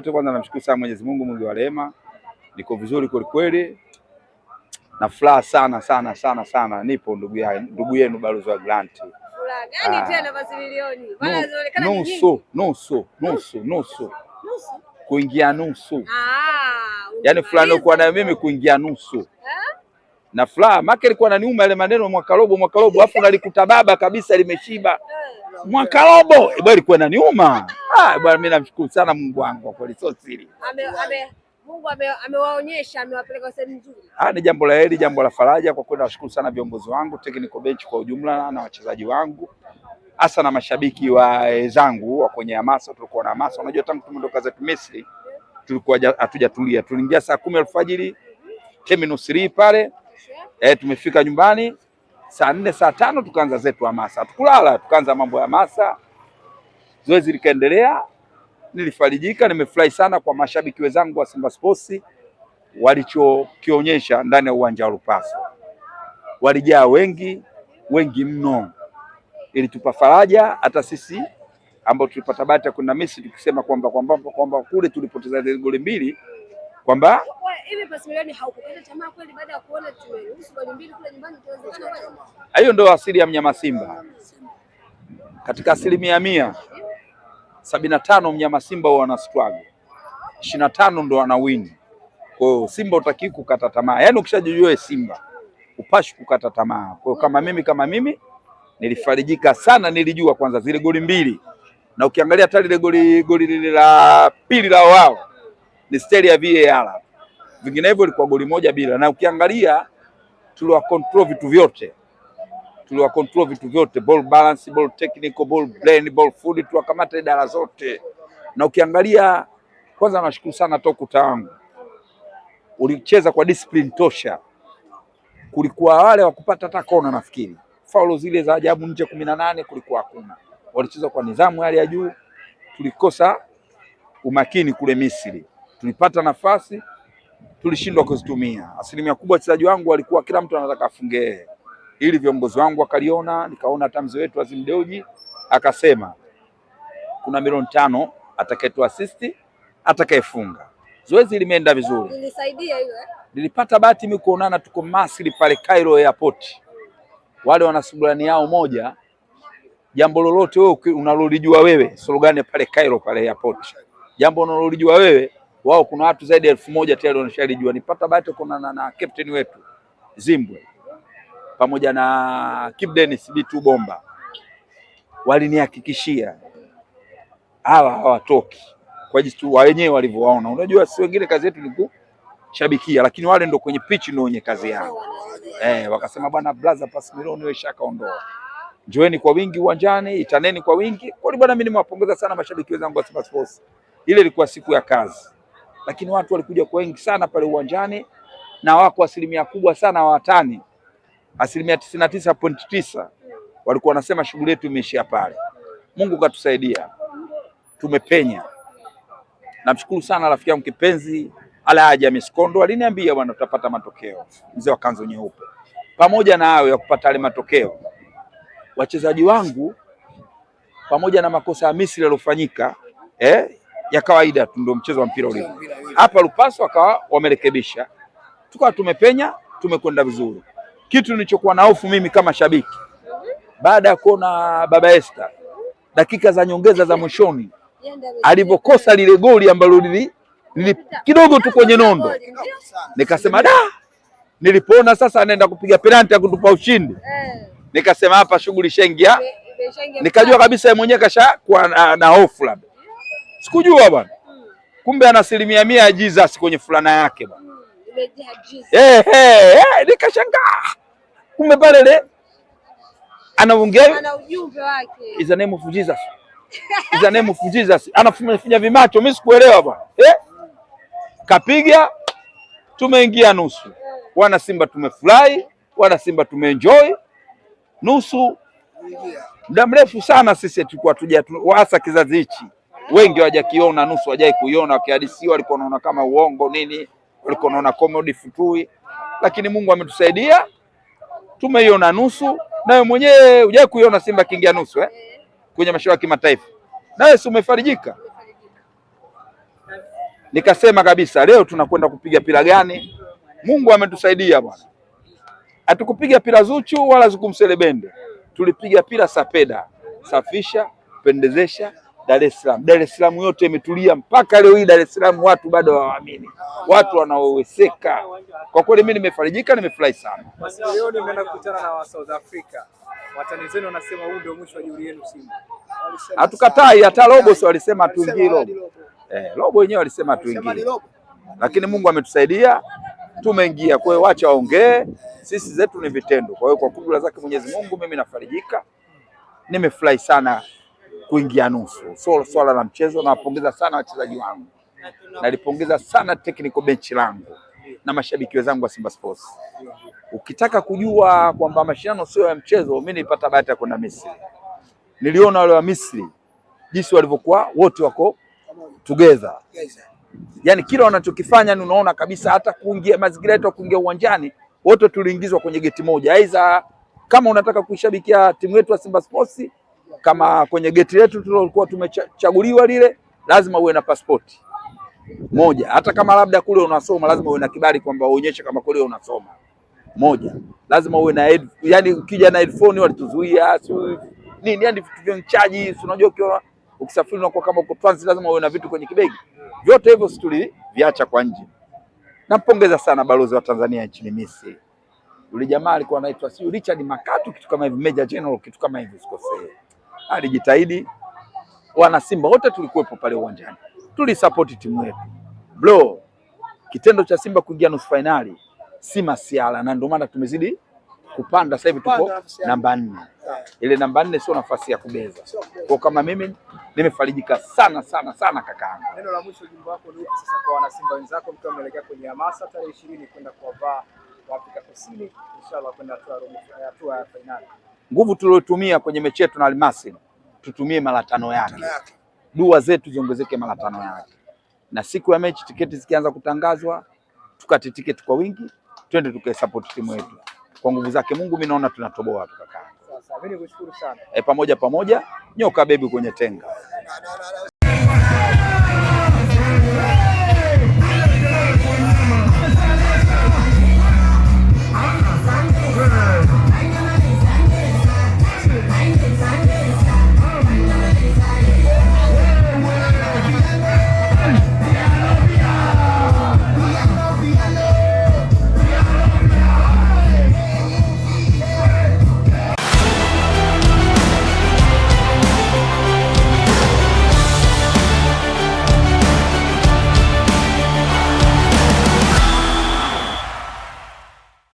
yote, kwanza namshukuru sana Mwenyezi Mungu mwingi wa rehema, niko vizuri kweli kweli na furaha sana sana sana sana, nipo ndugu ya ndugu yenu Balozi wa Grant. Furaha gani ah. tena Bazilioni? Maana zinaonekana nyingi. Nusu, nusu, nusu, nusu. Kuingia nusu. Ah. Yaani furaha nilikuwa nayo mimi kuingia nusu. Eh? Na furaha maki ilikuwa naniuma ile maneno mwaka robo mwaka robo, afu nalikuta baba kabisa limeshiba. Eh. Mwaka robo, bali ilikuwa naniuma. Ah, bwana mimi namshukuru sana Mungu wangu kwa kweli, sio siri. Mungu amewaonyesha, amewapeleka sehemu nzuri. Ah, ni jambo la heri, jambo la faraja kwa kweli. Nawashukuru sana viongozi wangu, technical bench kwa ujumla na wachezaji wangu hasa na mashabiki eh, zangu wa kwenye hamasa. Tulikuwa na hamasa, unajua tangu tumeondoka zetu Misri tulikuwa hatujatulia. Tuliingia saa kumi alfajiri terminus pale eh, tumefika nyumbani saa nne saa tano tukaanza zetu hamasa, tukulala tukaanza mambo ya hamasa zoezi likaendelea, nilifarijika, nimefurahi sana kwa mashabiki wenzangu wa Simba Sports walichokionyesha ndani ya uwanja wa Lupaso. Walijaa wengi wengi mno, ilitupa faraja hata sisi ambao tulipata bahati ya kwenda Misri tukisema kwamba kwamba kwamba kule tulipoteza goli mbili kwamba hiyo ndio asili ya mnyama Simba katika asilimia mia, mia sabini na tano mnyama Simba wana struggle, ishirini na tano ndo wana win. Kwa hiyo Simba utaki kukata tamaa, yaani ukishajijua Simba upashi kukata tamaa. Kwa hiyo kama mimi kama mimi nilifarijika sana, nilijua kwanza zile goli mbili, na ukiangalia hata lile goli goli lile la pili la wao ni steli ya VAR, vinginevyo ilikuwa goli moja bila, na ukiangalia control vitu vyote tuliwa control vitu vyote, ball balance, ball technical, ball brain, ball food, tuwakamata idara zote. Na ukiangalia kwanza, nashukuru sana toku tangu ulicheza kwa discipline tosha, kulikuwa wale wa kupata hata kona, nafikiri faulo zile za ajabu nje kumi na nane kulikuwa hakuna. Walicheza kwa nidhamu hali ya juu, tulikosa umakini kule Misri, tulipata nafasi tulishindwa kuzitumia. Asilimia kubwa wachezaji wangu walikuwa kila mtu anataka afunge ili viongozi wangu wakaliona, nikaona mzee wetu Azim akasema kuna milioni tano atakayetoa assist atakayefunga. Zoezi limeenda vizuri, nilisaidia ah, hiyo. Eh? Nilipata bahati mimi kuonana, tuko Masri pale Cairo Airport, wale wana sugulani yao moja, jambo lolote wewe unalolijua wewe, slogani pale Cairo pale airport, jambo unalolijua wewe, wao kuna watu zaidi ya elfu moja tayari wanashalijua. Nipata bahati kuonana na captain wetu Zimbwe pamoja na B2 Bomba walinihakikishia hawa hawatoki kwa jinsi wenyewe walivyowaona. Unajua, si wengine kazi yetu ni kushabikia, lakini wale ndo kwenye pitch ndo wenye kazi yao eh. Wakasema bwana blaza pasi milioni wewe shaka ondoa, njoeni kwa wingi uwanjani, itaneni kwa wingi. Kwa bwana, mimi nimewapongeza sana mashabiki wenzangu wa Simba Sports. Ile ilikuwa siku ya kazi, lakini watu walikuja kwa wengi sana pale uwanjani na wako asilimia kubwa sana watani asilimia tisini na tisa pointi tisa walikuwa wanasema shughuli yetu imeishia pale. Mungu katusaidia, tumepenya. Namshukuru sana rafiki yangu kipenzi Alhaji Hamis Kondo aliniambia, bwana, tutapata matokeo, mzee wa kanzu nyeupe. Pamoja na hayo ya kupata yale matokeo, wachezaji wangu pamoja na makosa ya Misri yaliyofanyika eh, ya kawaida tu, ndio mchezo wa mpira ulivyo. Hapa Lupaso wakawa wamerekebisha, tukawa tumepenya, tumekwenda vizuri. Kitu nilichokuwa na hofu mimi kama shabiki baada ya kuona Baba Esther dakika za nyongeza za mwishoni alipokosa lile goli ambalo lili, lili kidogo tu kwenye nondo, nikasema da. Nilipoona sasa anaenda kupiga penalti ya kutupa ushindi, nikasema hapa shughuli shengia. nikajua kabisa yeye mwenyewe kashakuwa na, na hofu labda, sikujua bwana, hmm. kumbe ana asilimia mia ya Jesus kwenye fulana yake bwana. Hey, hey, hey, nikashangaa kumbe pale le anaongea ana ujumbe wake, is the name of Jesus, is the name of Jesus. Anafunya vimacho, mimi sikuelewa bwana eh? Kapiga, tumeingia nusu. Wana Simba tumefurahi, wana Simba tumeenjoy nusu. Muda mrefu sana sisi tulikuwa tuja, hasa kizazi hichi wengi hawajakiona nusu, hawajai kuiona. Wakihadisiwa walikuwa wanaona kama uongo nini, walikuwa wanaona comedy futui, lakini Mungu ametusaidia tumeiona nusu, nawe mwenyewe hujawahi kuiona Simba kiingia nusu eh? kwenye mashindano ya kimataifa, nawe si umefarijika? Nikasema kabisa leo tunakwenda kupiga pira gani? Mungu ametusaidia bwana, hatukupiga pira Zuchu wala Zukumselebende, tulipiga pira Sapeda, safisha pendezesha Dar es Salaam. Dar es Salaam yote imetulia mpaka leo hii. Dar es Salaam watu bado hawaamini, watu wanaoweseka. Kwa kweli mimi nimefarijika, nimefurahi sana. Leo nimeenda kukutana na wa South Africa, watani zenu wanasema huu ndio mwisho wa juhudi yenu Simba. Hatukatai, hata robo si walisema tuingii robo, eh, robo wenyewe walisema tuingii, lakini Mungu ametusaidia tumeingia. Kwa hiyo wacha waongee, sisi zetu ni vitendo. Kwa hiyo kwa kudura zake Mwenyezi Mungu mimi nafarijika, nimefurahi sana kuingia nusu. So swala la mchezo, nawapongeza sana wachezaji wangu, nalipongeza sana technical bench langu na mashabiki wenzangu wa Simba Sports. Ukitaka kujua kwamba mashindano sio ya mchezo, mimi nilipata bahati ya kwenda Misri, niliona wale wa Misri jinsi walivyokuwa wote wako together, yaani kila wanachokifanya ni unaona kabisa. Hata kuingia mazingira yetu kuingia uwanjani, wote tuliingizwa kwenye geti moja, aidha kama unataka kuishabikia timu yetu ya Simba Sports kama kwenye geti letu tulikuwa tumechaguliwa lile, lazima uwe na pasipoti moja. Hata kama labda kule unasoma, lazima uwe na kibali kwamba uonyeshe kama kule unasoma moja. Lazima uwe na head, yani ukija na headphone walituzuia sio nini, yani vitu vya chaji. Unajua ukiwa ukisafiri unakuwa kama uko transit, lazima uwe na vitu kwenye kibegi. Vyote hivyo situli viacha kwa nje. Nampongeza sana balozi wa Tanzania nchini Misri. Yule jamaa alikuwa anaitwa si Richard Makatu kitu kama hivi, Major General kitu kama hivi, sikosei alijitahidi. Wana Simba wote tulikuwepo pale uwanjani, tulisapoti timu yetu bro. Kitendo cha Simba kuingia nusu fainali si masiala, na ndio maana tumezidi kupanda. Sasa hivi tuko namba nne. Ah. Ile namba nne sio nafasi ya kubeza, kwa kama mimi nimefarijika sana sana sana kakaangu. Neno la mwisho jimbo wako ni sasa kwa wana Simba wenzako, mkiwa mnaelekea kwenye hamasa tarehe ishirini kwenda kuwavaa wa Afrika Kusini, inshallah kwenda hatua ya fainali nguvu tuliotumia kwenye mechi yetu na Almasi tutumie mara tano yake, dua zetu ziongezeke mara tano yake, na siku ya mechi tiketi zikianza kutangazwa tukate tiketi kwa wingi, twende tukaisapoti timu yetu kwa nguvu zake Mungu. Mimi naona tunatoboa tukakaa. Sasa mimi nikushukuru sana. E, pamoja pamoja, nyoka bebi kwenye tenga.